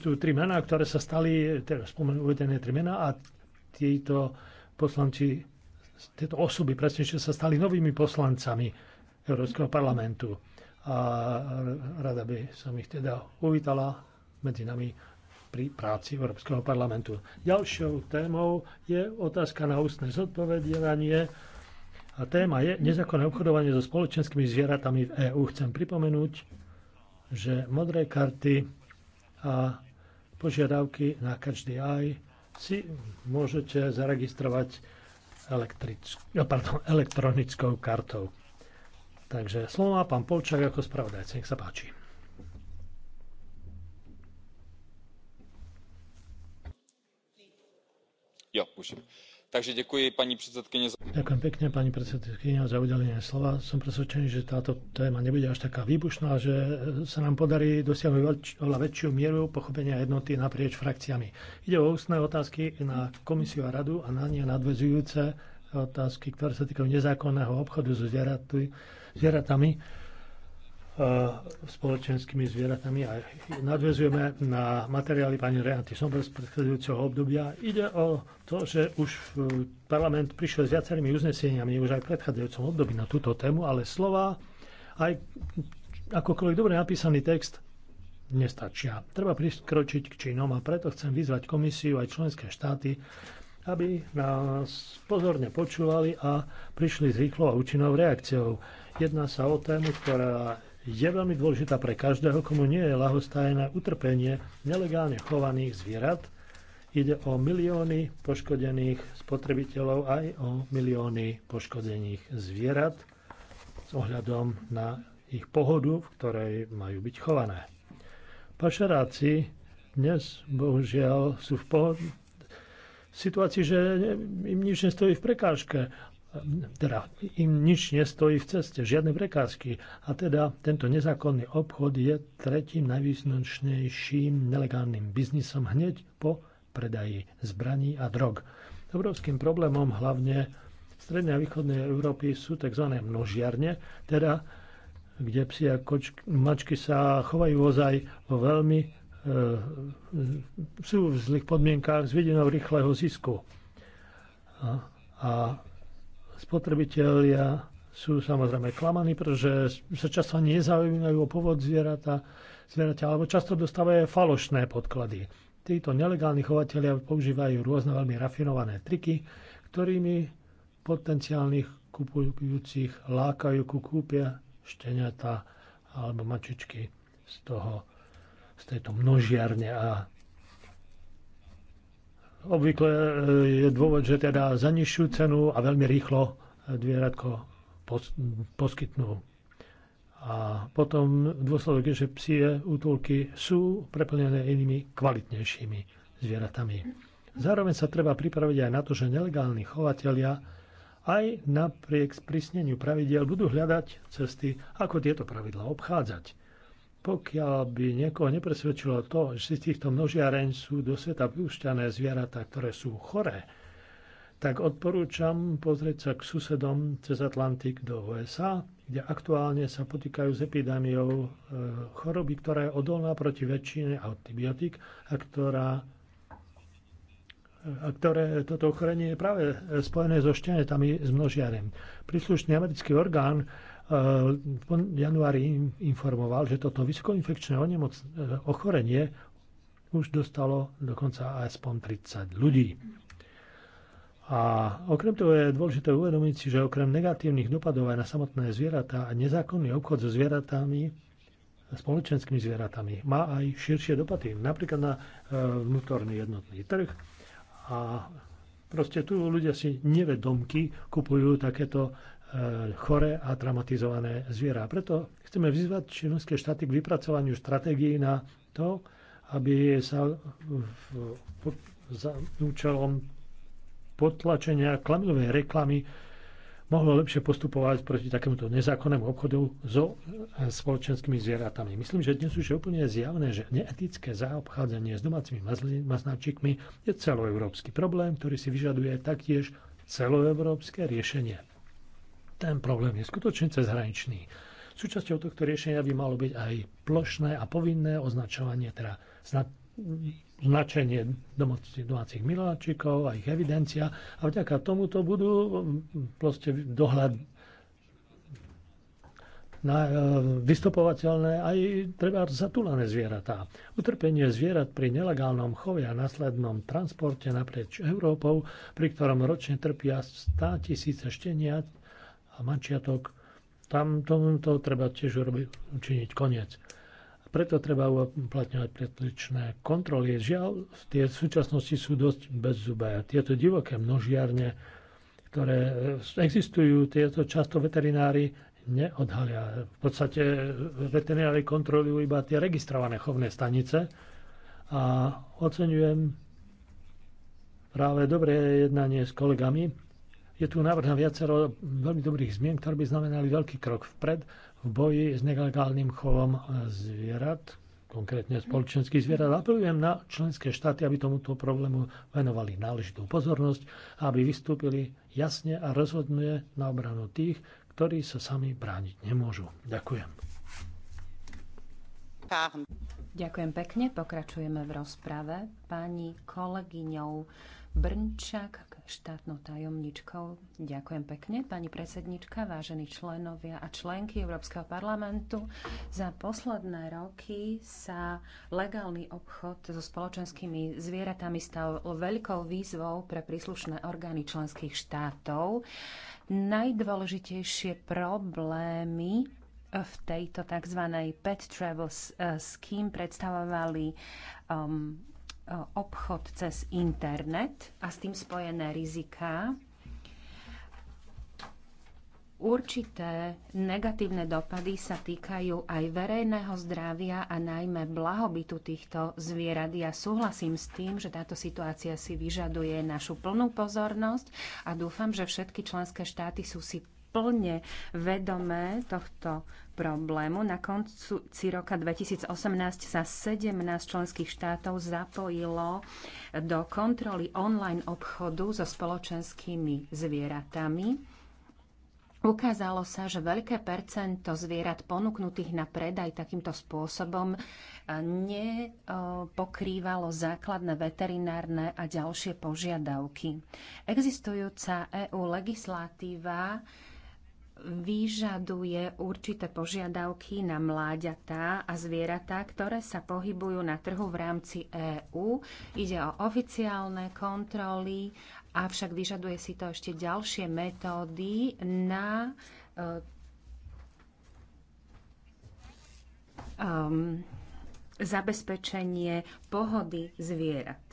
tu tri mená, ktoré sa stali, teda spomenú uvedené tri mená a títo poslanci, tieto osoby presnejšie sa stali novými poslancami Európskeho parlamentu. A rada by som ich teda uvítala medzi nami pri práci Európskeho parlamentu. Ďalšou témou je otázka na ústne zodpovedanie a téma je nezákonné obchodovanie so spoločenskými zvieratami v EÚ. Chcem pripomenúť, že modré karty a požiadavky na každý aj si môžete zaregistrovať no, pardon, elektronickou kartou. Takže slovo má pán Polčák ako spravodajca. Nech sa páči. Ja, musím. Takže ďakujem pani predsedkyne. Ďakujem pekne pani predsedkyňa za udelenie slova. Som presvedčený, že táto téma nebude až taká výbušná, že sa nám podarí dosiahnuť oveľa väčšiu mieru pochopenia jednoty naprieč frakciami. Ide o ústne otázky na komisiu a radu a na ne nadvezujúce otázky, ktoré sa týkajú nezákonného obchodu so zvieratami spoločenskými zvieratami a nadvezujeme na materiály pani Renaty Somber z predchádzajúceho obdobia. Ide o to, že už parlament prišiel s viacerými uzneseniami už aj v predchádzajúcom období na túto tému, ale slova aj akokoľvek dobre napísaný text nestačia. Treba priskročiť k činom a preto chcem vyzvať komisiu aj členské štáty, aby nás pozorne počúvali a prišli s rýchlou a účinnou reakciou. Jedná sa o tému, ktorá je veľmi dôležitá pre každého, komu nie je lahostajné utrpenie nelegálne chovaných zvierat. Ide o milióny poškodených spotrebiteľov aj o milióny poškodených zvierat s ohľadom na ich pohodu, v ktorej majú byť chované. Pašeráci dnes bohužiaľ sú v, po- situácii, že im nič nestojí v prekážke teda im nič nestojí v ceste, žiadne prekážky. A teda tento nezákonný obchod je tretím najvýznačnejším nelegálnym biznisom hneď po predaji zbraní a drog. Obrovským problémom hlavne v strednej a východnej Európy sú tzv. množiarne, teda kde psi a kočky, mačky sa chovajú ozaj vo veľmi e, sú v zlých podmienkách s vidinou rýchleho zisku. A, a spotrebitelia sú samozrejme klamaní, pretože sa často nezaujímajú o povod zvieratá, zvieraťa, alebo často dostávajú falošné podklady. Títo nelegálni chovateľia používajú rôzne veľmi rafinované triky, ktorými potenciálnych kupujúcich lákajú ku kúpia šteniatá alebo mačičky z, toho, z tejto množiarne a Obvykle e, je dôvod, že teda za nižšiu cenu a veľmi rýchlo zvieratko e, poskytnú. A potom dôsledok je, že psie útulky sú preplnené inými kvalitnejšími zvieratami. Zároveň sa treba pripraviť aj na to, že nelegálni chovatelia aj napriek sprísneniu pravidiel budú hľadať cesty, ako tieto pravidla obchádzať. Pokiaľ by niekoho nepresvedčilo to, že z týchto množiareň sú do sveta vyúšťané zvieratá, ktoré sú choré, tak odporúčam pozrieť sa k susedom cez Atlantik do USA, kde aktuálne sa potýkajú s epidémiou e, choroby, ktorá je odolná proti väčšine antibiotík a ktorá e, a ktoré toto ochorenie je práve e, spojené so šťanetami s množiarem. Príslušný americký orgán v eh, januári informoval, že toto vysokoinfekčné eh, ochorenie už dostalo dokonca aspoň 30 ľudí. A okrem toho je dôležité uvedomiť si, že okrem negatívnych dopadov aj na samotné zvieratá a nezákonný obchod so zvieratami, spoločenskými zvieratami, má aj širšie dopady, napríklad na eh, vnútorný jednotný trh. A proste tu ľudia si nevedomky kupujú takéto E, chore a traumatizované zviera. Preto chceme vyzvať členské štáty k vypracovaniu stratégií na to, aby sa v, pod, za účelom potlačenia klamilovej reklamy mohlo lepšie postupovať proti takémuto nezákonnému obchodu so e, spoločenskými zvieratami. Myslím, že dnes už je úplne zjavné, že neetické zaobchádzanie s domácimi maznáčikmi je celoeurópsky problém, ktorý si vyžaduje taktiež celoeurópske riešenie ten problém je skutočne cezhraničný. Súčasťou tohto riešenia by malo byť aj plošné a povinné označovanie, teda značenie domácich miláčikov a ich evidencia. A vďaka tomuto budú mm, proste dohľad na, e, vystupovateľné aj treba zatúlané zvieratá. Utrpenie zvierat pri nelegálnom chove a následnom transporte naprieč Európou, pri ktorom ročne trpia 100 tisíce šteniat, a mačiatok, tam tomuto treba tiež urobiť, učiniť koniec. preto treba uplatňovať predličné kontroly. Žiaľ, tie v súčasnosti sú dosť bezzubé. Tieto divoké množiarne, ktoré existujú, tieto často veterinári neodhalia. V podstate veterinári kontrolujú iba tie registrované chovné stanice a oceňujem práve dobré jednanie s kolegami, je tu návrh na viacero veľmi dobrých zmien, ktoré by znamenali veľký krok vpred v boji s nelegálnym chovom zvierat, konkrétne spoločenských zvierat. Apelujem na členské štáty, aby tomuto problému venovali náležitú pozornosť a aby vystúpili jasne a rozhodne na obranu tých, ktorí sa sami brániť nemôžu. Ďakujem. Ďakujem pekne. Pokračujeme v rozprave. Pani kolegyňou Brnčak štátnou tajomničkou. Ďakujem pekne, pani predsednička, vážení členovia a členky Európskeho parlamentu. Za posledné roky sa legálny obchod so spoločenskými zvieratami stal veľkou výzvou pre príslušné orgány členských štátov. Najdôležitejšie problémy v tejto tzv. pet travel eh, scheme predstavovali um, obchod cez internet a s tým spojené riziká, Určité negatívne dopady sa týkajú aj verejného zdravia a najmä blahobytu týchto zvierat. Ja súhlasím s tým, že táto situácia si vyžaduje našu plnú pozornosť a dúfam, že všetky členské štáty sú si plne vedomé tohto problému. Na konci roka 2018 sa 17 členských štátov zapojilo do kontroly online obchodu so spoločenskými zvieratami. Ukázalo sa, že veľké percento zvierat ponúknutých na predaj takýmto spôsobom eh, nepokrývalo základné veterinárne a ďalšie požiadavky. Existujúca EU legislatíva vyžaduje určité požiadavky na mláďatá a zvieratá, ktoré sa pohybujú na trhu v rámci EÚ. Ide o oficiálne kontroly, avšak vyžaduje si to ešte ďalšie metódy na eh, um, zabezpečenie pohody zvierat.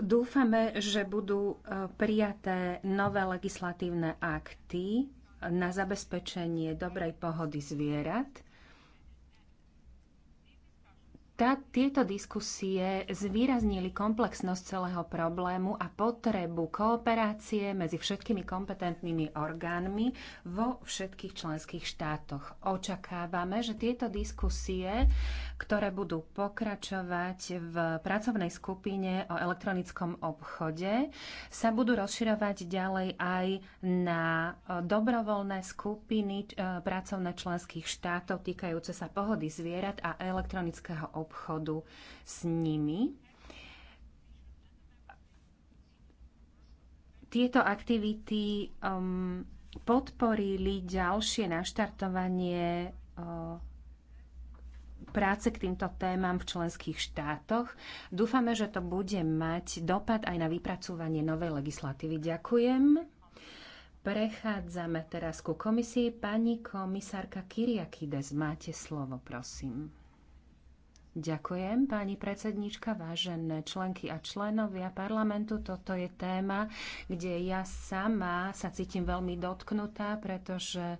Dúfame, že budú e, prijaté nové legislatívne akty na zabezpečenie dobrej pohody zvierat tá, teda tieto diskusie zvýraznili komplexnosť celého problému a potrebu kooperácie medzi všetkými kompetentnými orgánmi vo všetkých členských štátoch. Očakávame, že tieto diskusie, ktoré budú pokračovať v pracovnej skupine o elektronickom obchode, sa budú rozširovať ďalej aj na dobrovoľné skupiny e, pracovné členských štátov týkajúce sa pohody zvierat a elektronického obchodu obchodu s nimi. Tieto aktivity um, podporili ďalšie naštartovanie uh, práce k týmto témam v členských štátoch. Dúfame, že to bude mať dopad aj na vypracovanie novej legislatívy. Ďakujem. Prechádzame teraz ku komisii. Pani komisárka Kyriakides, máte slovo, prosím. Ďakujem, pani predsednička, vážené členky a členovia parlamentu. Toto je téma, kde ja sama sa cítim veľmi dotknutá, pretože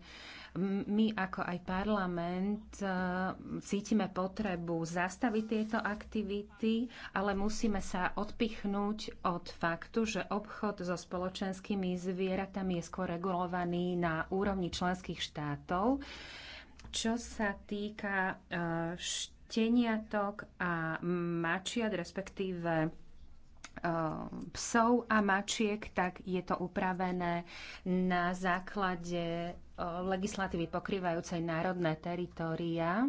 my ako aj parlament e, cítime potrebu zastaviť tieto aktivity, ale musíme sa odpichnúť od faktu, že obchod so spoločenskými zvieratami je skôr regulovaný na úrovni členských štátov. Čo sa týka e, št- teniatok a mačiat, respektíve e, psov a mačiek, tak je to upravené na základe e, legislatívy pokrývajúcej národné teritória.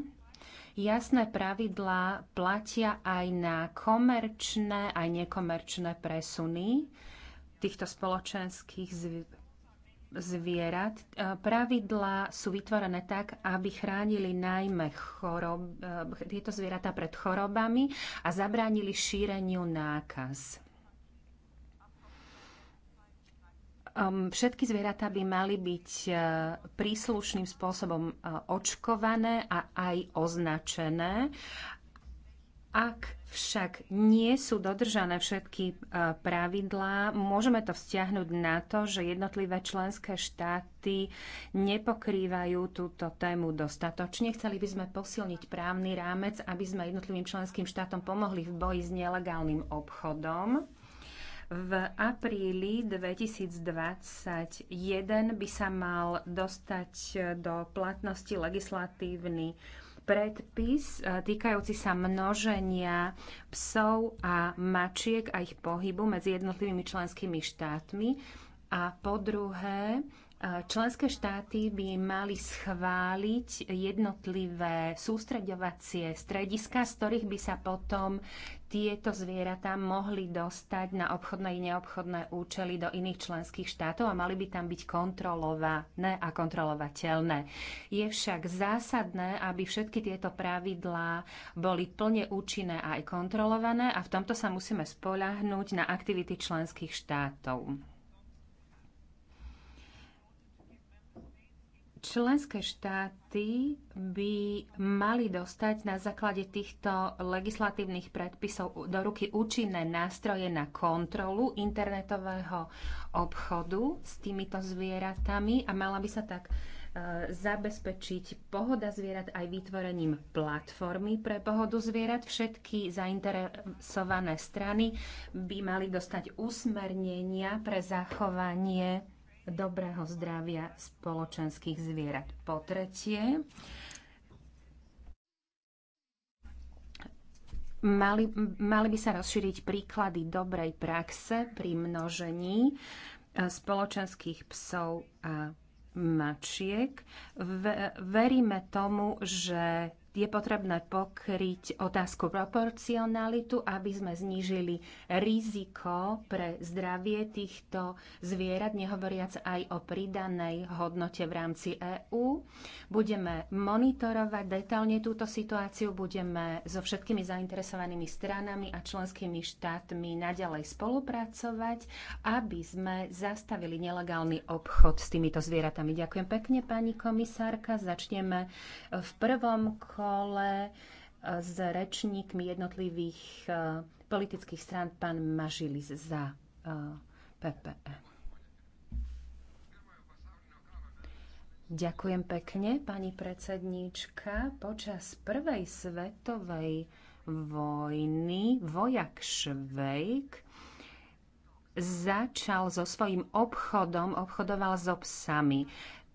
Jasné pravidlá platia aj na komerčné, aj nekomerčné presuny týchto spoločenských zv- zvierat. E, pravidlá sú vytvorené tak, aby chránili najmä chorob, e, tieto zvieratá pred chorobami a zabránili šíreniu nákaz. všetky zvieratá by mali byť e, príslušným spôsobom očkované a aj označené. Ak však nie sú dodržané všetky e, pravidlá, môžeme to vzťahnuť na to, že jednotlivé členské štáty nepokrývajú túto tému dostatočne. Chceli by sme posilniť právny rámec, aby sme jednotlivým členským štátom pomohli v boji s nelegálnym obchodom. V apríli 2021 by sa mal dostať do platnosti legislatívny predpis e, týkajúci sa množenia psov a mačiek a ich pohybu medzi jednotlivými členskými štátmi. A po druhé, e, členské štáty by mali schváliť jednotlivé sústreďovacie strediska, z ktorých by sa potom tieto zvieratá mohli dostať na obchodné i neobchodné účely do iných členských štátov a mali by tam byť kontrolované a kontrolovateľné. Je však zásadné, aby všetky tieto pravidlá boli plne účinné a aj kontrolované a v tomto sa musíme spoľahnúť na aktivity členských štátov. Členské štáty by mali dostať na základe týchto legislatívnych predpisov do ruky účinné nástroje na kontrolu internetového obchodu s týmito zvieratami a mala by sa tak e, zabezpečiť pohoda zvierat aj vytvorením platformy pre pohodu zvierat. Všetky zainteresované strany by mali dostať usmernenia pre zachovanie dobrého zdravia spoločenských zvierat. Po tretie, mali, mali by sa rozšíriť príklady dobrej praxe pri množení e, spoločenských psov a mačiek. veríme tomu, že je potrebné pokryť otázku proporcionalitu, aby sme znížili riziko pre zdravie týchto zvierat, nehovoriac aj o pridanej hodnote v rámci EÚ. Budeme monitorovať detálne túto situáciu, budeme so všetkými zainteresovanými stranami a členskými štátmi naďalej spolupracovať, aby sme zastavili nelegálny obchod s týmito zvieratami. Ďakujem pekne, pani komisárka. Začneme v prvom kole kole eh, s rečníkmi jednotlivých eh, politických strán pán Mažilis za eh, PPE. Ďakujem pekne, pani predsedníčka. Počas prvej svetovej vojny vojak Švejk začal so svojím obchodom, obchodoval so psami.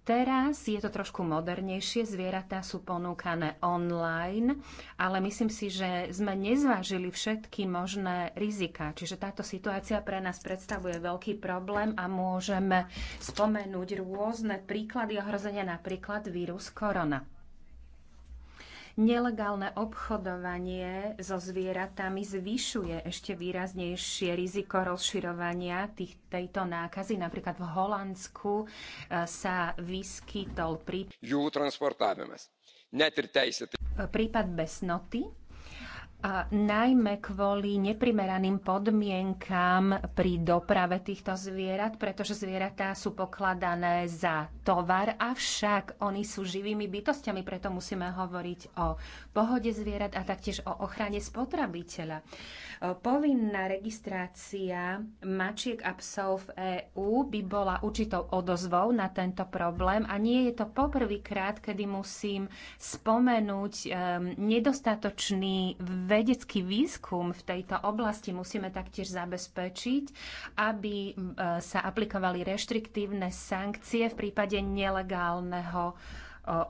Teraz je to trošku modernejšie, zvieratá sú ponúkané online, ale myslím si, že sme nezvážili všetky možné rizika. Čiže táto situácia pre nás predstavuje veľký problém a môžeme spomenúť rôzne príklady ohrozenia, napríklad vírus korona. Nelegálne obchodovanie so zvieratami zvyšuje ešte výraznejšie riziko rozširovania tých, tejto nákazy. Napríklad v Holandsku e, sa vyskytol prípad, prípad besnoty, a najmä kvôli neprimeraným podmienkam pri doprave týchto zvierat, pretože zvieratá sú pokladané za tovar, avšak oni sú živými bytostiami, preto musíme hovoriť o pohode zvierat a taktiež o ochrane spotrebiteľa. E, povinná registrácia mačiek a psov v EÚ by bola určitou odozvou na tento problém a nie je to poprvýkrát, kedy musím spomenúť um, e, nedostatočný vedecký výskum v tejto oblasti musíme taktiež zabezpečiť, aby e, sa aplikovali reštriktívne sankcie v prípade nelegálneho e,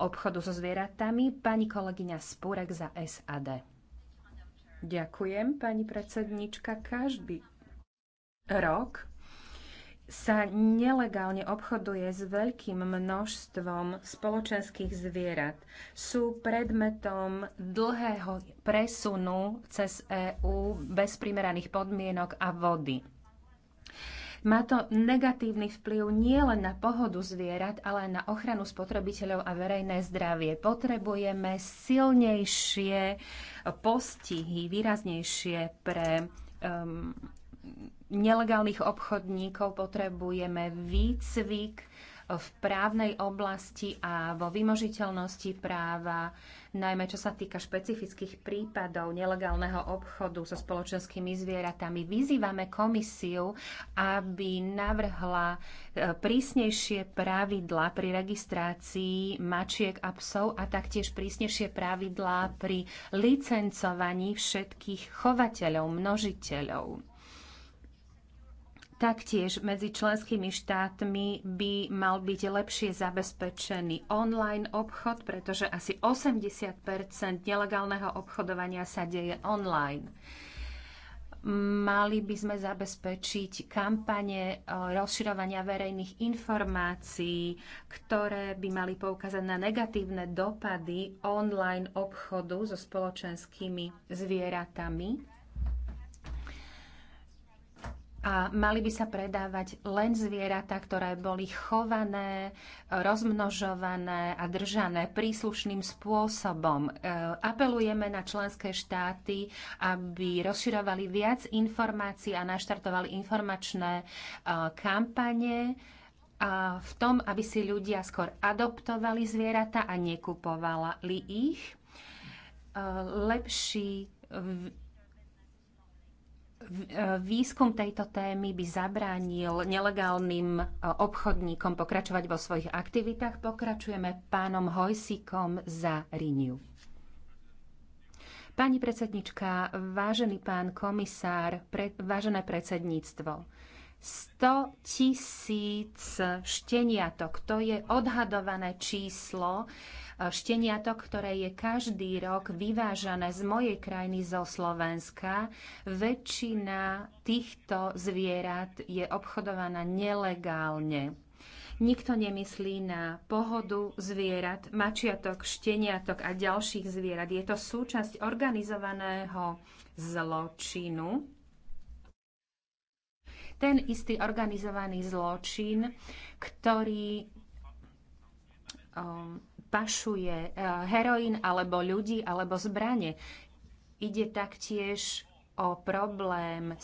obchodu so zvieratami. Pani kolegyňa Spurek za SAD. Ďakujem, pani predsednička. Každý rok sa nelegálne obchoduje s veľkým množstvom spoločenských zvierat. Sú predmetom dlhého presunu cez EÚ bez primeraných podmienok a vody. Má to negatívny vplyv nielen na pohodu zvierat, ale aj na ochranu spotrebiteľov a verejné zdravie. Potrebujeme silnejšie postihy, výraznejšie pre um, nelegálnych obchodníkov, potrebujeme výcvik v právnej oblasti a vo vymožiteľnosti práva, najmä čo sa týka špecifických prípadov nelegálneho obchodu so spoločenskými zvieratami. Vyzývame komisiu, aby navrhla e, prísnejšie pravidlá pri registrácii mačiek a psov a taktiež prísnejšie pravidlá pri licencovaní všetkých chovateľov, množiteľov Taktiež medzi členskými štátmi by mal byť lepšie zabezpečený online obchod, pretože asi 80 nelegálneho obchodovania sa deje online. Mali by sme zabezpečiť kampane eh, rozširovania verejných informácií, ktoré by mali poukázať na negatívne dopady online obchodu so spoločenskými zvieratami a mali by sa predávať len zvieratá, ktoré boli chované, rozmnožované a držané príslušným spôsobom. E, apelujeme na členské štáty, aby rozširovali viac informácií a naštartovali informačné e, kampane a e, v tom, aby si ľudia skôr adoptovali zvieratá a nekupovali ich. Lepší výskum tejto témy by zabránil nelegálnym e, obchodníkom pokračovať vo svojich aktivitách. Pokračujeme pánom Hojsikom za Riniu. Pani predsednička, vážený pán komisár, pre, vážené predsedníctvo, 100 tisíc šteniatok, to je odhadované číslo, šteniatok, ktoré je každý rok vyvážané z mojej krajiny zo Slovenska. Väčšina týchto zvierat je obchodovaná nelegálne. Nikto nemyslí na pohodu zvierat, mačiatok, šteniatok a ďalších zvierat. Je to súčasť organizovaného zločinu. Ten istý organizovaný zločin, ktorý um, pašuje eh, heroín alebo ľudí alebo zbranie. Ide taktiež o problém eh,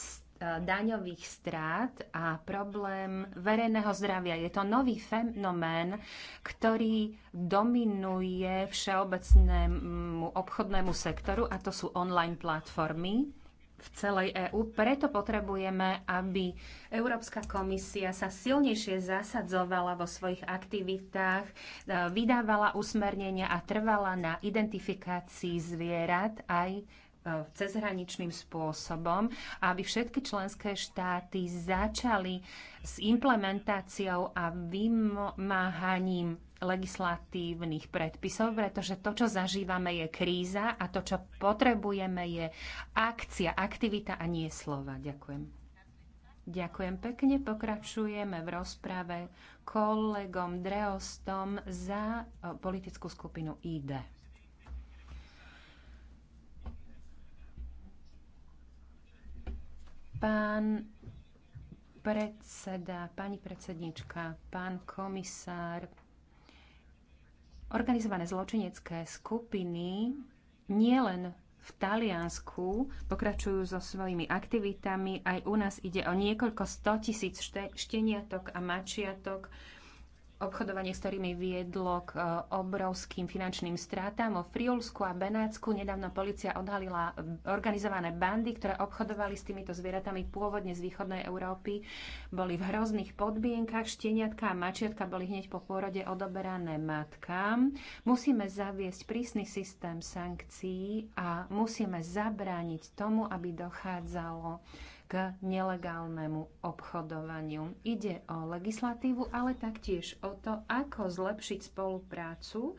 daňových strát a problém verejného zdravia. Je to nový fenomén, ktorý dominuje všeobecnému obchodnému sektoru a to sú online platformy v celej EÚ. Preto potrebujeme, aby Európska komisia sa silnejšie zasadzovala vo svojich aktivitách, e, vydávala usmernenia a trvala na identifikácii zvierat aj e, cezhraničným spôsobom, aby všetky členské štáty začali s implementáciou a vymáhaním legislatívnych predpisov, pretože to, čo zažívame, je kríza a to, čo potrebujeme, je akcia, aktivita a nie slova. Ďakujem. Ďakujem pekne. Pokračujeme v rozprave kolegom Dreostom za politickú skupinu ID. Pán predseda, pani predsednička, pán komisár, organizované zločinecké skupiny nielen v Taliansku pokračujú so svojimi aktivitami. Aj u nás ide o niekoľko stotisíc šteniatok a mačiatok, obchodovanie s ktorými viedlo k e, obrovským finančným stratám. Vo Friulsku a Benátsku nedávno policia odhalila organizované bandy, ktoré obchodovali s týmito zvieratami pôvodne z východnej Európy. Boli v hrozných podmienkach, šteniatka a mačiatka boli hneď po pôrode odoberané matkám. Musíme zaviesť prísny systém sankcií a musíme zabrániť tomu, aby dochádzalo k nelegálnemu obchodovaniu. Ide o legislatívu, ale taktiež o to, ako zlepšiť spoluprácu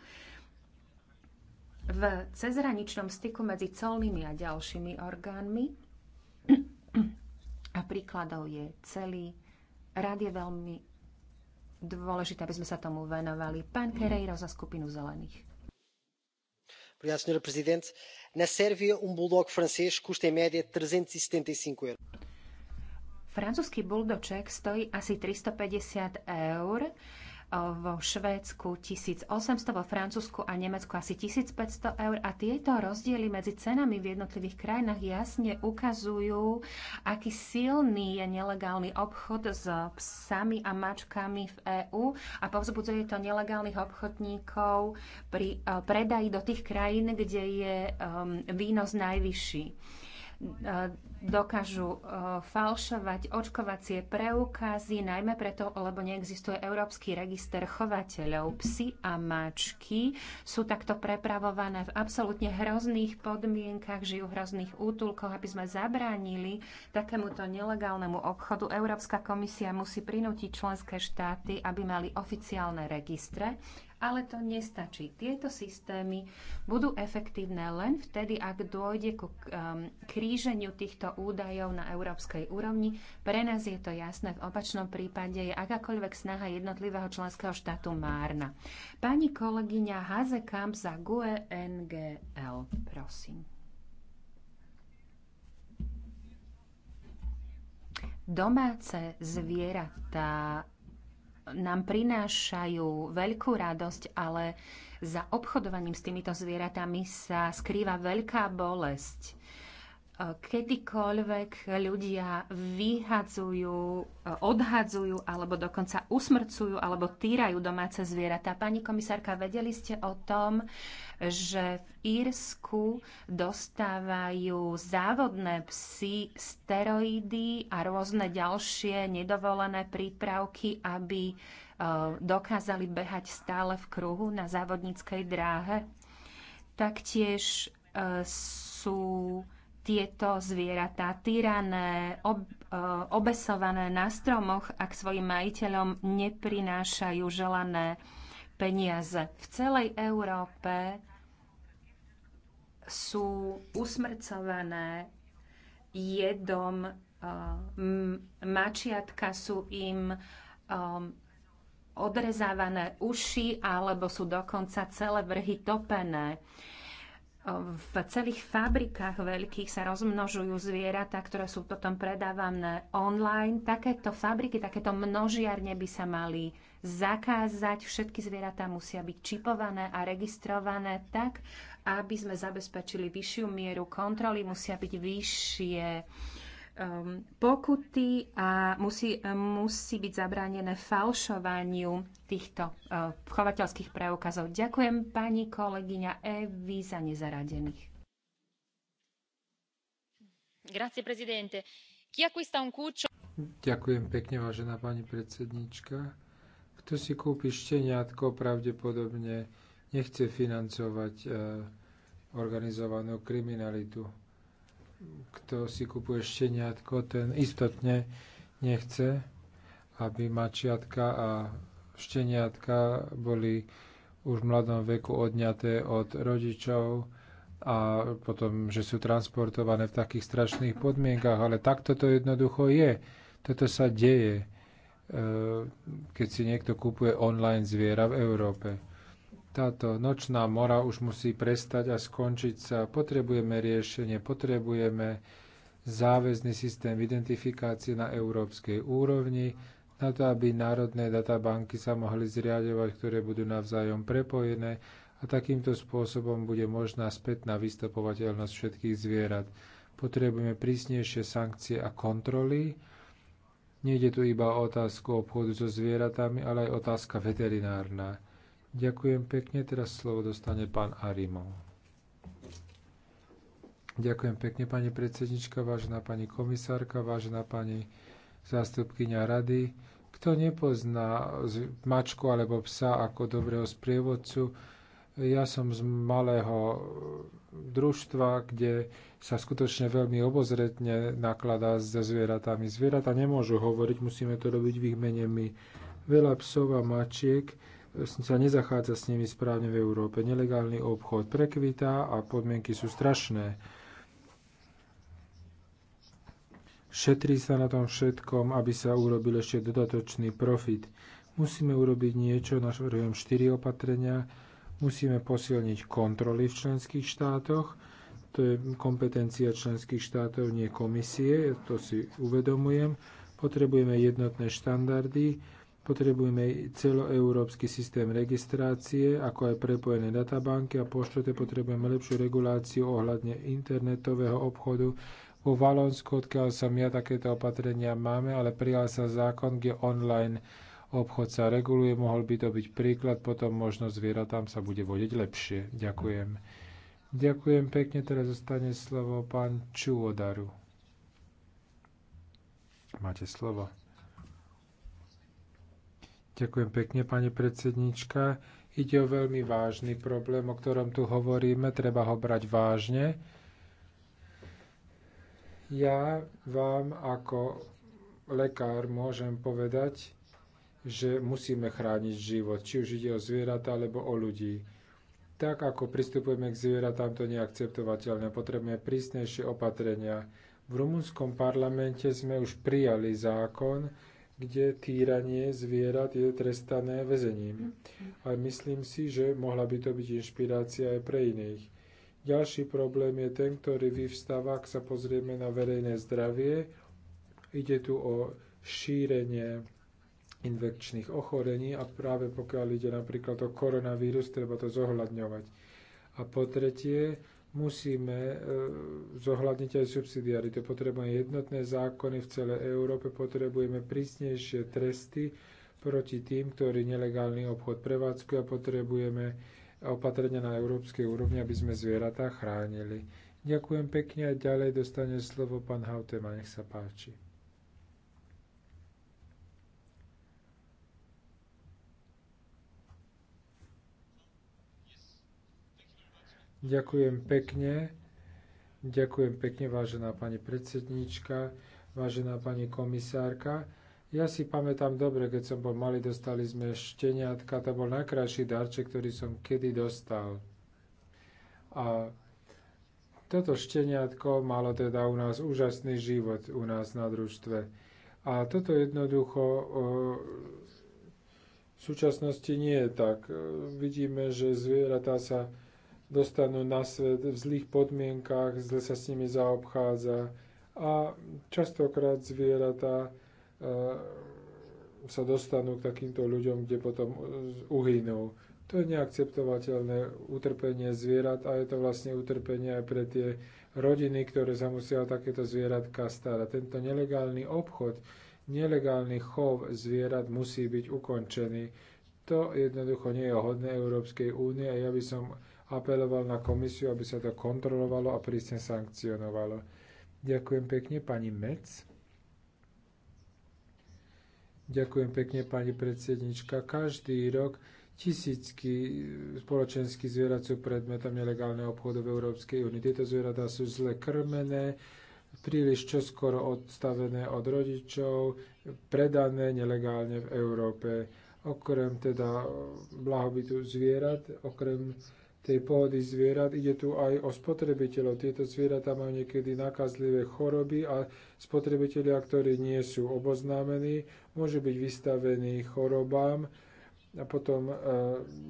v cezhraničnom styku medzi colnými a ďalšími orgánmi. A príkladov je celý. Rád je veľmi dôležité, aby sme sa tomu venovali. Pán Kerejro za skupinu zelených. Obrigado, Presidente. Na Sérvia, um bulldog francês custa em média 375 e e euros. Francúzsky buldoček stojí asi 350 eur, vo Švédsku 1800, vo Francúzsku a Nemecku asi 1500 eur a tieto rozdiely medzi cenami v jednotlivých krajinách jasne ukazujú, aký silný je nelegálny obchod s psami a mačkami v EÚ a povzbudzuje to nelegálnych obchodníkov pri predaji do tých krajín, kde je um, výnos najvyšší dokážu e, falšovať očkovacie preukazy, najmä preto, lebo neexistuje Európsky register chovateľov. Psy a mačky sú takto prepravované v absolútne hrozných podmienkach, žijú v hrozných útulkoch. Aby sme zabránili takémuto nelegálnemu obchodu, Európska komisia musí prinútiť členské štáty, aby mali oficiálne registre ale to nestačí. Tieto systémy budú efektívne len vtedy, ak dôjde ku um, kríženiu týchto údajov na európskej úrovni. Pre nás je to jasné, v opačnom prípade je akákoľvek snaha jednotlivého členského štátu márna. Pani kolegyňa Hazekamp za GUE NGL, prosím. Domáce zvieratá nám prinášajú veľkú radosť, ale za obchodovaním s týmito zvieratami sa skrýva veľká bolesť. Eh, kedykoľvek ľudia vyhadzujú, eh, odhadzujú alebo dokonca usmrcujú alebo týrajú domáce zvieratá. Pani komisárka, vedeli ste o tom, že v Írsku dostávajú závodné psy steroidy a rôzne ďalšie nedovolené prípravky, aby eh, dokázali behať stále v kruhu na závodníckej dráhe. Taktiež sú tieto zvieratá týrané, ob, e, obesované na stromoch, ak svojim majiteľom neprinášajú želané peniaze. V celej Európe sú usmrcované jedom, e, mačiatka sú im e, odrezávané uši alebo sú dokonca celé vrhy topené v celých fabrikách veľkých sa rozmnožujú zvieratá, ktoré sú potom predávané online. Takéto fabriky, takéto množiarne by sa mali zakázať. Všetky zvieratá musia byť čipované a registrované tak, aby sme zabezpečili vyššiu mieru kontroly. Musia byť vyššie Um, pokuty a musí, musí byť zabránené falšovaniu týchto uh, chovateľských preukazov. Ďakujem pani kolegyňa Evi za nezaradených. Grazie, prezidente. Chi acquista un cuccio... Ďakujem pekne, vážená pani predsednička. Kto si kúpi šteniatko, pravdepodobne nechce financovať uh, organizovanú kriminalitu kto si kupuje šteniatko, ten istotne nechce, aby mačiatka a šteniatka boli už v mladom veku odňaté od rodičov a potom, že sú transportované v takých strašných podmienkach. Ale takto to jednoducho je. Toto sa deje, eh, keď si niekto kupuje online zviera v Európe. Táto nočná mora už musí prestať a skončiť sa. Potrebujeme riešenie, potrebujeme záväzný systém identifikácie na európskej úrovni, na to, aby národné databanky sa mohli zriadovať, ktoré budú navzájom prepojené a takýmto spôsobom bude možná spätná vystopovateľnosť všetkých zvierat. Potrebujeme prísnejšie sankcie a kontroly. Nejde tu iba o otázku obchodu so zvieratami, ale aj otázka veterinárna. Ďakujem pekne. Teraz slovo dostane pán Arimo. Ďakujem pekne, pani predsednička, vážená pani komisárka, vážená pani zástupkynia rady. Kto nepozná mačku alebo psa ako dobrého sprievodcu, ja som z malého družstva, kde sa skutočne veľmi obozretne nakladá so zvieratami. Zvieratá nemôžu hovoriť, musíme to robiť v ich mene my. Veľa psov a mačiek sa nezachádza s nimi správne v Európe. Nelegálny obchod prekvitá a podmienky sú strašné. Šetrí sa na tom všetkom, aby sa urobil ešte dodatočný profit. Musíme urobiť niečo, navrhujem štyri opatrenia. Musíme posilniť kontroly v členských štátoch. To je kompetencia členských štátov, nie komisie, to si uvedomujem. Potrebujeme jednotné štandardy Potrebujeme celoeurópsky systém registrácie, ako aj prepojené databanky a poštote potrebujeme lepšiu reguláciu ohľadne internetového obchodu. Vo Valonsku, odkiaľ som ja, takéto opatrenia máme, ale prijal sa zákon, kde online obchod sa reguluje, mohol by to byť príklad, potom možno zvieratám sa bude vodiť lepšie. Ďakujem. Ďakujem pekne, teraz zostane slovo pán Čuodaru. Máte slovo. Ďakujem pekne, pani predsednička. Ide o veľmi vážny problém, o ktorom tu hovoríme, treba ho brať vážne. Ja vám ako lekár môžem povedať, že musíme chrániť život, či už ide o zvieratá alebo o ľudí. Tak ako pristupujeme k zvieratám, to neakceptovateľné. Potrebujeme prísnejšie opatrenia. V rumunskom parlamente sme už prijali zákon, kde týranie zvierat je trestané väzením. A myslím si, že mohla by to byť inšpirácia aj pre iných. Ďalší problém je ten, ktorý vyvstáva, ak sa pozrieme na verejné zdravie. Ide tu o šírenie infekčných ochorení a práve pokiaľ ide napríklad o koronavírus, treba to zohľadňovať. A po tretie, musíme e, zohľadniť aj subsidiaritu. Potrebujeme jednotné zákony v celej Európe, potrebujeme prísnejšie tresty proti tým, ktorí nelegálny obchod prevádzkujú a potrebujeme opatrenia na európskej úrovni, aby sme zvieratá chránili. Ďakujem pekne a ďalej dostane slovo pán Hautema, nech sa páči. Ďakujem pekne. Ďakujem pekne, vážená pani predsedníčka, vážená pani komisárka. Ja si pamätám dobre, keď som bol malý, dostali sme šteniatka, to bol najkrajší darček, ktorý som kedy dostal. A toto šteniatko malo teda u nás úžasný život, u nás na družstve. A toto jednoducho v súčasnosti nie je tak. Vidíme, že zvieratá sa dostanú na svet v zlých podmienkách, zle sa s nimi zaobchádza. A častokrát zvieratá e, sa dostanú k takýmto ľuďom, kde potom e, uhynú. To je neakceptovateľné utrpenie zvierat a je to vlastne utrpenie aj pre tie rodiny, ktoré sa musia o takéto zvieratka starať. Tento nelegálny obchod, nelegálny chov zvierat musí byť ukončený. To jednoducho nie je hodné Európskej únie a ja by som apeloval na komisiu, aby sa to kontrolovalo a prísne sankcionovalo. Ďakujem pekne pani Mec. Ďakujem pekne pani predsednička. Každý rok tisícky spoločenských zvierat sú predmetom nelegálneho obchodu v Európskej únii. Tieto zvieratá sú zle krmené, príliš čoskoro odstavené od rodičov, predané nelegálne v Európe. Okrem teda blahobytu zvierat, okrem tej pohody zvierat. Ide tu aj o spotrebiteľov. Tieto zvieratá majú niekedy nakazlivé choroby a spotrebitelia, ktorí nie sú oboznámení, môžu byť vystavení chorobám a potom e,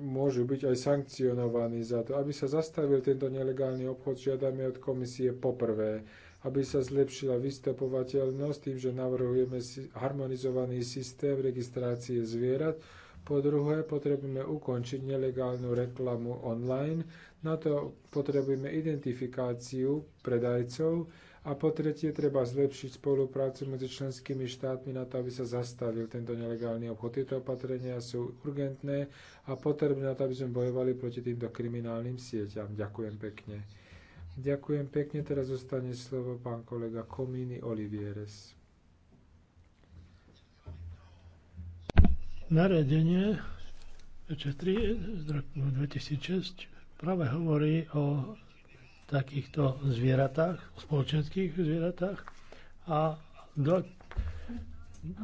môžu byť aj sankcionovaní za to. Aby sa zastavil tento nelegálny obchod, žiadame od komisie poprvé, aby sa zlepšila vystopovateľnosť tým, že navrhujeme harmonizovaný systém registrácie zvierat, po druhé, potrebujeme ukončiť nelegálnu reklamu online. Na to potrebujeme identifikáciu predajcov. A po tretie, treba zlepšiť spoluprácu medzi členskými štátmi na to, aby sa zastavil tento nelegálny obchod. Tieto opatrenia sú urgentné a potrebné na to, aby sme bojovali proti týmto kriminálnym sieťam. Ďakujem pekne. Ďakujem pekne. Teraz zostane slovo pán kolega Komíny Olivieres. Naredenie Č3 z roku 2006 práve hovorí o takýchto zvieratách, spoločenských zvieratách a do,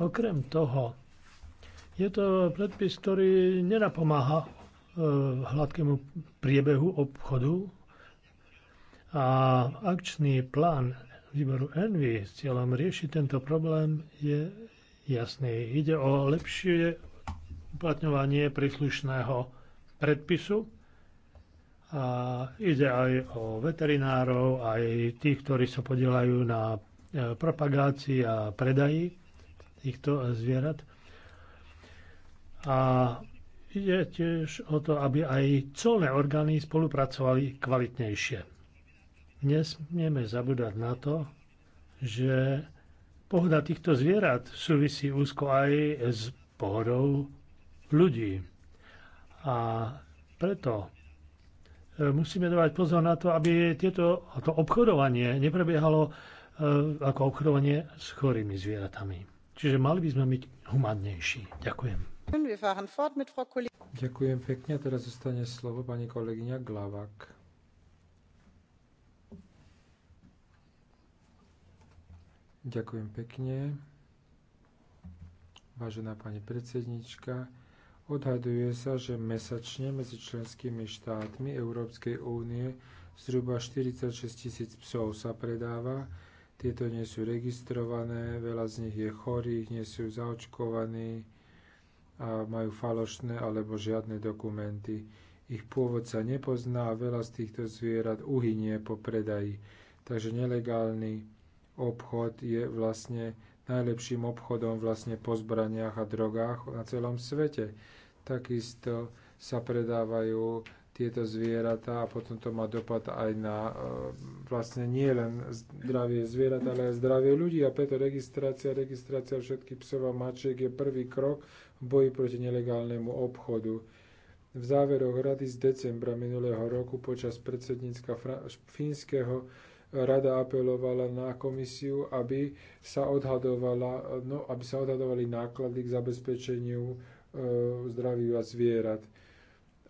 okrem toho je to predpis, ktorý nenapomáha e, hladkému priebehu obchodu a akčný plán výboru Envy s cieľom riešiť tento problém je jasný. Ide o lepšie uplatňovanie príslušného predpisu. A ide aj o veterinárov, aj tých, ktorí sa podielajú na e, propagácii a predaji týchto e, zvierat. A ide tiež o to, aby aj colné orgány spolupracovali kvalitnejšie. Nesmieme zabúdať na to, že pohoda týchto zvierat súvisí úzko aj s pohodou ľudí. A preto e, musíme dávať pozor na to, aby tieto, to obchodovanie neprebiehalo e, ako obchodovanie s chorými zvieratami. Čiže mali by sme byť humannejší. Ďakujem. Ďakujem pekne. Teraz zostane slovo pani kolegyňa Glavak. Ďakujem pekne. Vážená pani predsednička, Odhaduje sa, že mesačne medzi členskými štátmi Európskej únie zhruba 46 tisíc psov sa predáva. Tieto nie sú registrované, veľa z nich je chorých, nie sú zaočkovaní a majú falošné alebo žiadne dokumenty. Ich pôvod sa nepozná a veľa z týchto zvierat uhynie po predaji. Takže nelegálny obchod je vlastne najlepším obchodom vlastne po zbraniach a drogách na celom svete. Takisto sa predávajú tieto zvieratá a potom to má dopad aj na e, vlastne nie len zdravie zvierat, ale aj zdravie ľudí a preto registrácia, registrácia všetkých psov a mačiek je prvý krok v boji proti nelegálnemu obchodu. V záveroch rady z decembra minulého roku počas predsedníctva fínskeho rada apelovala na komisiu, aby sa, odhadovala, no, aby sa odhadovali náklady k zabezpečeniu e, a zvierat.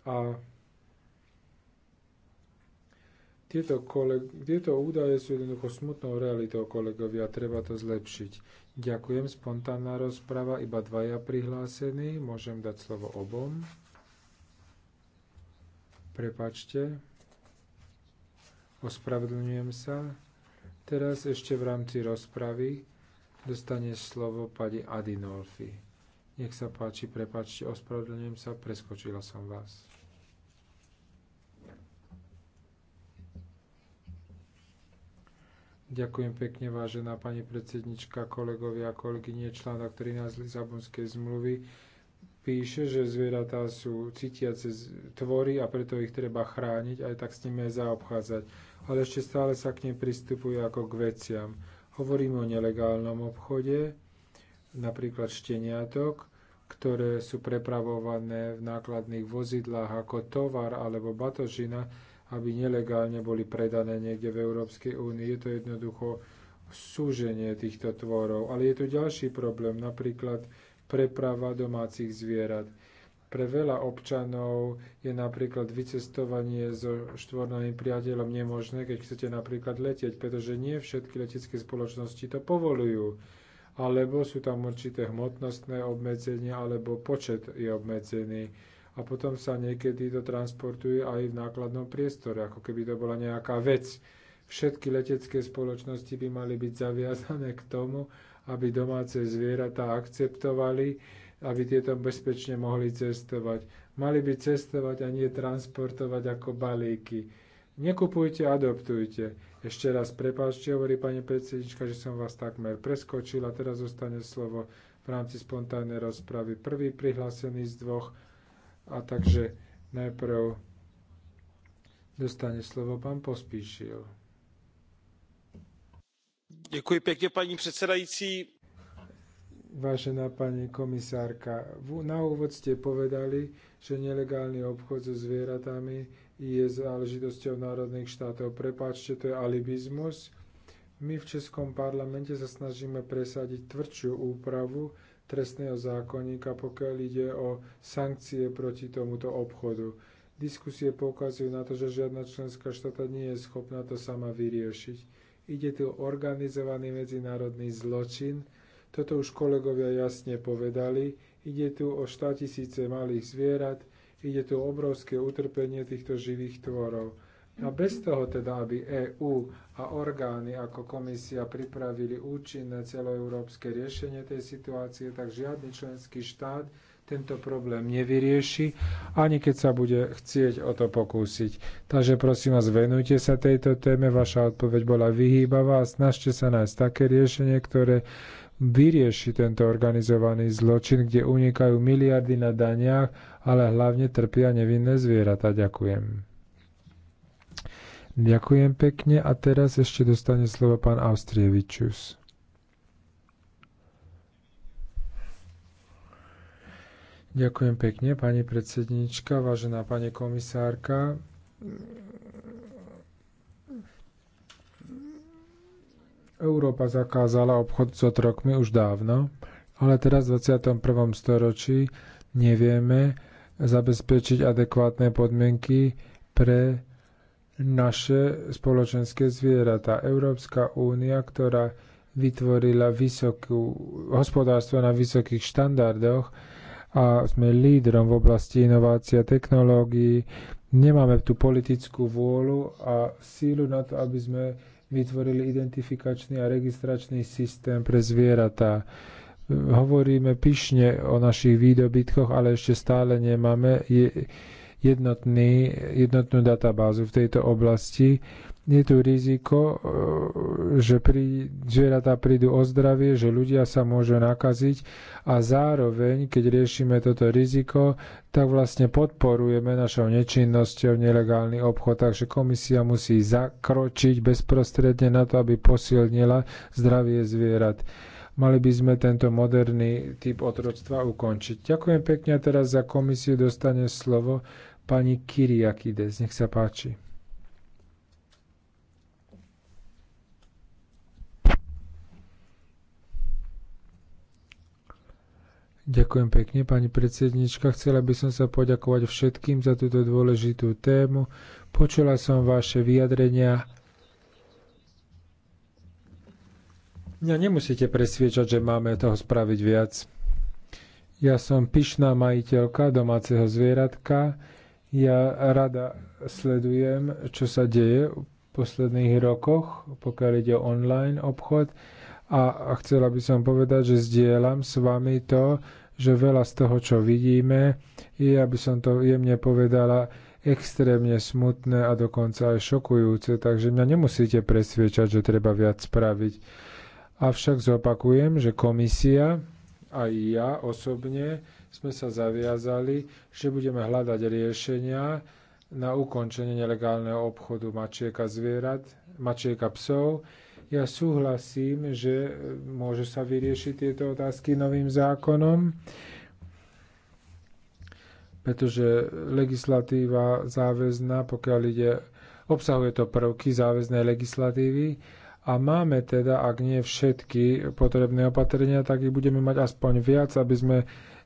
A tieto, koleg- tieto údaje sú jednoducho smutnou realitou, kolegovia, treba to zlepšiť. Ďakujem, spontánna rozprava, iba dvaja prihlásení, môžem dať slovo obom. Prepačte. Ospravedlňujem sa. Teraz ešte v rámci rozpravy dostane slovo pani Adinolfi. Nech sa páči, prepáčte, ospravedlňujem sa, preskočila som vás. Ďakujem pekne, vážená pani predsednička, kolegovia a kolegyne, článok 13 Lisabonskej zmluvy píše, že zvieratá sú cítiace tvory a preto ich treba chrániť aj tak s nimi aj zaobchádzať ale ešte stále sa k nej pristupuje ako k veciam. Hovoríme o nelegálnom obchode, napríklad šteniatok, ktoré sú prepravované v nákladných vozidlách ako tovar alebo batožina, aby nelegálne boli predané niekde v Európskej únii. Je to jednoducho súženie týchto tvorov. Ale je tu ďalší problém, napríklad preprava domácich zvierat. Pre veľa občanov je napríklad vycestovanie so štvorným priateľom nemožné, keď chcete napríklad letieť, pretože nie všetky letecké spoločnosti to povolujú. Alebo sú tam určité hmotnostné obmedzenia, alebo počet je obmedzený. A potom sa niekedy to transportuje aj v nákladnom priestore, ako keby to bola nejaká vec. Všetky letecké spoločnosti by mali byť zaviazané k tomu, aby domáce zvieratá akceptovali aby tieto bezpečne mohli cestovať. Mali by cestovať a nie transportovať ako balíky. Nekupujte, adoptujte. Ešte raz prepáčte, hovorí pani predsednička, že som vás takmer preskočila. Teraz zostane slovo v rámci spontánnej rozpravy. Prvý prihlásený z dvoch. A takže najprv dostane slovo pán Pospíšil. Děkuji pěkně, paní předsedající Vážená pani komisárka, na úvod ste povedali, že nelegálny obchod so zvieratami je záležitosťou národných štátov. Prepáčte, to je alibizmus. My v Českom parlamente sa snažíme presadiť tvrdšiu úpravu trestného zákonníka, pokiaľ ide o sankcie proti tomuto obchodu. Diskusie poukazujú na to, že žiadna členská štáta nie je schopná to sama vyriešiť. Ide tu organizovaný medzinárodný zločin, toto už kolegovia jasne povedali. Ide tu o štatisíce malých zvierat, ide tu o obrovské utrpenie týchto živých tvorov. A bez toho teda, aby EÚ a orgány ako komisia pripravili účinné celoeurópske riešenie tej situácie, tak žiadny členský štát tento problém nevyrieši, ani keď sa bude chcieť o to pokúsiť. Takže prosím vás, venujte sa tejto téme, vaša odpoveď bola vyhýbavá a snažte sa nájsť také riešenie, ktoré vyrieši tento organizovaný zločin, kde unikajú miliardy na daniach, ale hlavne trpia nevinné zvieratá. Ďakujem. Ďakujem pekne a teraz ešte dostane slovo pán Austrievičus. Ďakujem pekne, pani predsednička, vážená pani komisárka. Európa zakázala obchod s otrokmi už dávno, ale teraz v 21. storočí nevieme zabezpečiť adekvátne podmienky pre naše spoločenské zvieratá. Európska únia, ktorá vytvorila vysokú, hospodárstvo na vysokých štandardoch a sme lídrom v oblasti inovácií a technológií, nemáme tú politickú vôľu a sílu na to, aby sme vytvorili identifikačný a registračný systém pre zvieratá. Hovoríme pyšne o našich výdobytkoch, ale ešte stále nemáme jednotný, jednotnú databázu v tejto oblasti je tu riziko, e, že prí, zvieratá prídu o zdravie, že ľudia sa môžu nakaziť a zároveň, keď riešime toto riziko, tak vlastne podporujeme našou nečinnosťou nelegálny obchod. Takže komisia musí zakročiť bezprostredne na to, aby posilnila zdravie zvierat mali by sme tento moderný typ otroctva ukončiť. Ďakujem pekne a teraz za komisiu dostane slovo pani Kyriakides. Nech sa páči. Ďakujem pekne, pani predsednička. Chcela by som sa poďakovať všetkým za túto dôležitú tému. Počula som vaše vyjadrenia. Mňa nemusíte presviečať, že máme toho spraviť viac. Ja som pyšná majiteľka domáceho zvieratka. Ja rada sledujem, čo sa deje v posledných rokoch, pokiaľ ide online obchod a chcela by som povedať, že zdieľam s vami to, že veľa z toho, čo vidíme, je, aby som to jemne povedala, extrémne smutné a dokonca aj šokujúce, takže mňa nemusíte presviečať, že treba viac spraviť. Avšak zopakujem, že komisia aj ja osobne sme sa zaviazali, že budeme hľadať riešenia na ukončenie nelegálneho obchodu mačieka zvierat, mačieka psov, ja súhlasím, že môžu sa vyriešiť tieto otázky novým zákonom, pretože legislatíva záväzná, pokiaľ ide, obsahuje to prvky záväznej legislatívy, a máme teda, ak nie všetky potrebné opatrenia, tak ich budeme mať aspoň viac, aby sme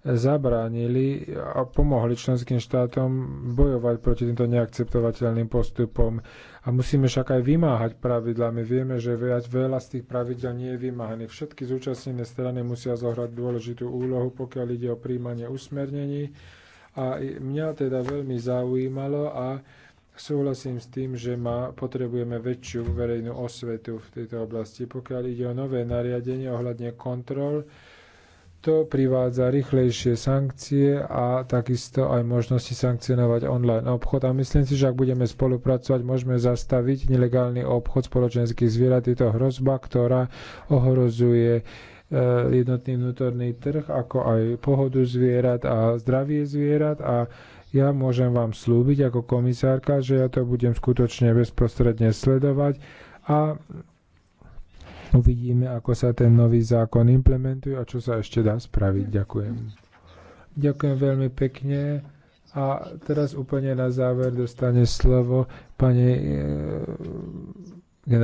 zabránili a pomohli členským štátom bojovať proti týmto neakceptovateľným postupom. A musíme však aj vymáhať pravidlá. My vieme, že veľa z tých pravidel nie je vymáhaných. Všetky zúčastnené strany musia zohrať dôležitú úlohu, pokiaľ ide o príjmanie usmernení. A mňa teda veľmi zaujímalo a súhlasím s tým, že ma, potrebujeme väčšiu verejnú osvetu v tejto oblasti. Pokiaľ ide o nové nariadenie ohľadne kontrol, to privádza rýchlejšie sankcie a takisto aj možnosti sankcionovať online obchod. A myslím si, že ak budeme spolupracovať, môžeme zastaviť nelegálny obchod spoločenských zvierat. Je to hrozba, ktorá ohrozuje e, jednotný vnútorný trh, ako aj pohodu zvierat a zdravie zvierat a ja môžem vám slúbiť ako komisárka, že ja to budem skutočne bezprostredne sledovať a Uvidíme, ako sa ten nový zákon implementuje a čo sa ešte dá spraviť. Ďakujem. Ďakujem veľmi pekne. A teraz úplne na záver dostane slovo pani e,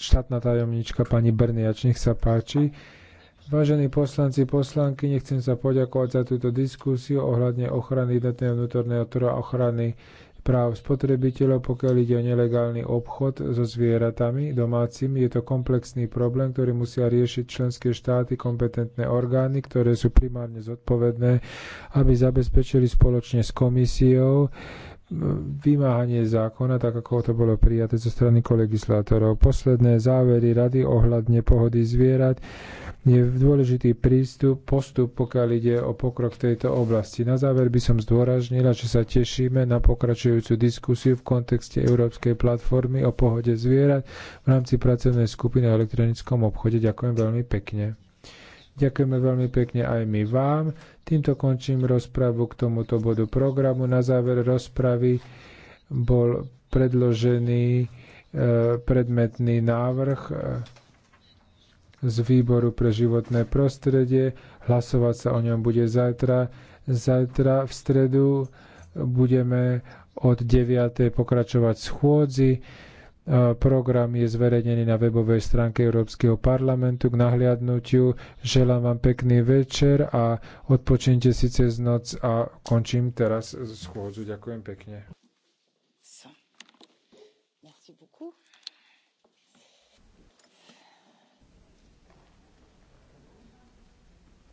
štátna tajomnička pani Berniač. Nech sa páči. Vážení poslanci, poslanky, nechcem sa poďakovať za túto diskusiu ohľadne ochrany datného vnútorného trhu a ochrany práv spotrebiteľov, pokiaľ ide o nelegálny obchod so zvieratami domácimi. Je to komplexný problém, ktorý musia riešiť členské štáty, kompetentné orgány, ktoré sú primárne zodpovedné, aby zabezpečili spoločne s komisiou vymáhanie zákona, tak ako to bolo prijaté zo strany kolegislátorov. Posledné závery rady ohľadne pohody zvierat je dôležitý prístup, postup, pokiaľ ide o pokrok v tejto oblasti. Na záver by som zdôraznila, že sa tešíme na pokračujúcu diskusiu v kontexte Európskej platformy o pohode zvierat v rámci pracovnej skupiny o elektronickom obchode. Ďakujem veľmi pekne. Ďakujeme veľmi pekne aj my vám. Týmto končím rozpravu k tomuto bodu programu. Na záver rozpravy bol predložený e, predmetný návrh e, z výboru pre životné prostredie. Hlasovať sa o ňom bude zajtra. Zajtra v stredu budeme od 9. pokračovať schôdzi. Program je zverejnený na webovej stránke Európskeho parlamentu k nahliadnutiu. Želám vám pekný večer a odpočnite si cez noc a končím teraz schôdzu. Ďakujem pekne.